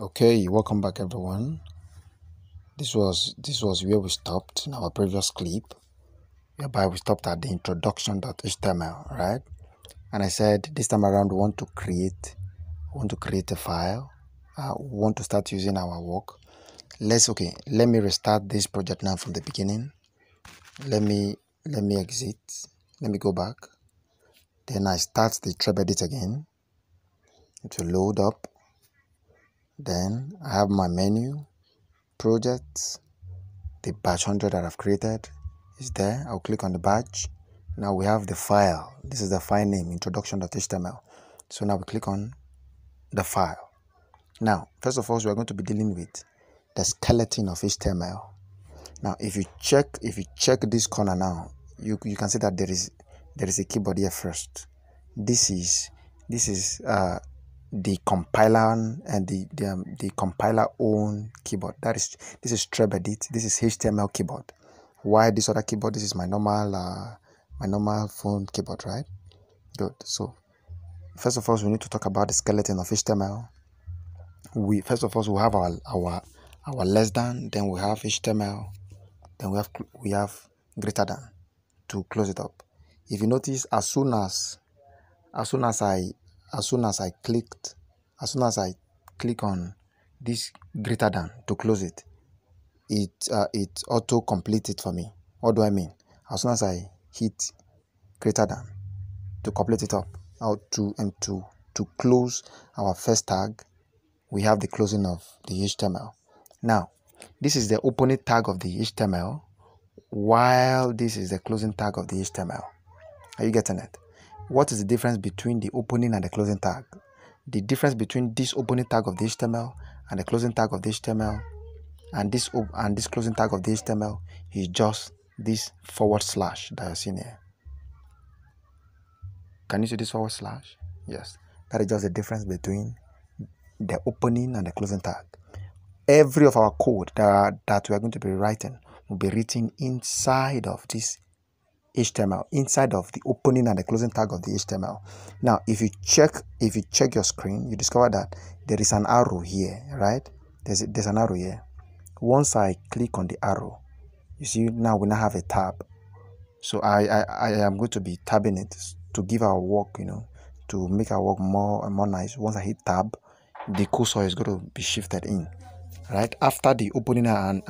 okay welcome back everyone this was this was where we stopped in our previous clip whereby we stopped at the introduction.html right and i said this time around we want to create want to create a file uh, want to start using our work let's okay let me restart this project now from the beginning let me let me exit let me go back then i start the trap edit again to load up then I have my menu, projects, the batch 100 that I've created is there. I'll click on the batch. Now we have the file. This is the file name, introduction.html. So now we click on the file. Now, first of all, we are going to be dealing with the skeleton of HTML. Now, if you check, if you check this corner now, you, you can see that there is there is a keyboard here first. This is this is uh, the compiler and the the, um, the compiler own keyboard that is this is trebedit this is html keyboard why this other keyboard this is my normal uh, my normal phone keyboard right good so first of all we need to talk about the skeleton of html we first of all we have our our our less than then we have html then we have we have greater than to close it up if you notice as soon as as soon as i as soon as I clicked, as soon as I click on this greater than to close it, it uh, it auto completes it for me. What do I mean? As soon as I hit greater than to complete it up out to and um, to to close our first tag, we have the closing of the HTML. Now, this is the opening tag of the HTML, while this is the closing tag of the HTML. Are you getting it? What is the difference between the opening and the closing tag? The difference between this opening tag of the HTML and the closing tag of the HTML and this and this closing tag of the HTML is just this forward slash that you're seeing here. Can you see this forward slash? Yes. That is just the difference between the opening and the closing tag. Every of our code that, that we are going to be writing will be written inside of this HTML inside of the opening and the closing tag of the HTML. Now, if you check, if you check your screen, you discover that there is an arrow here, right? There's, there's an arrow here. Once I click on the arrow, you see now we now have a tab. So I, I, I am going to be tabbing it to give our work, you know, to make our work more more nice. Once I hit tab, the cursor is going to be shifted in, right? After the opening and, and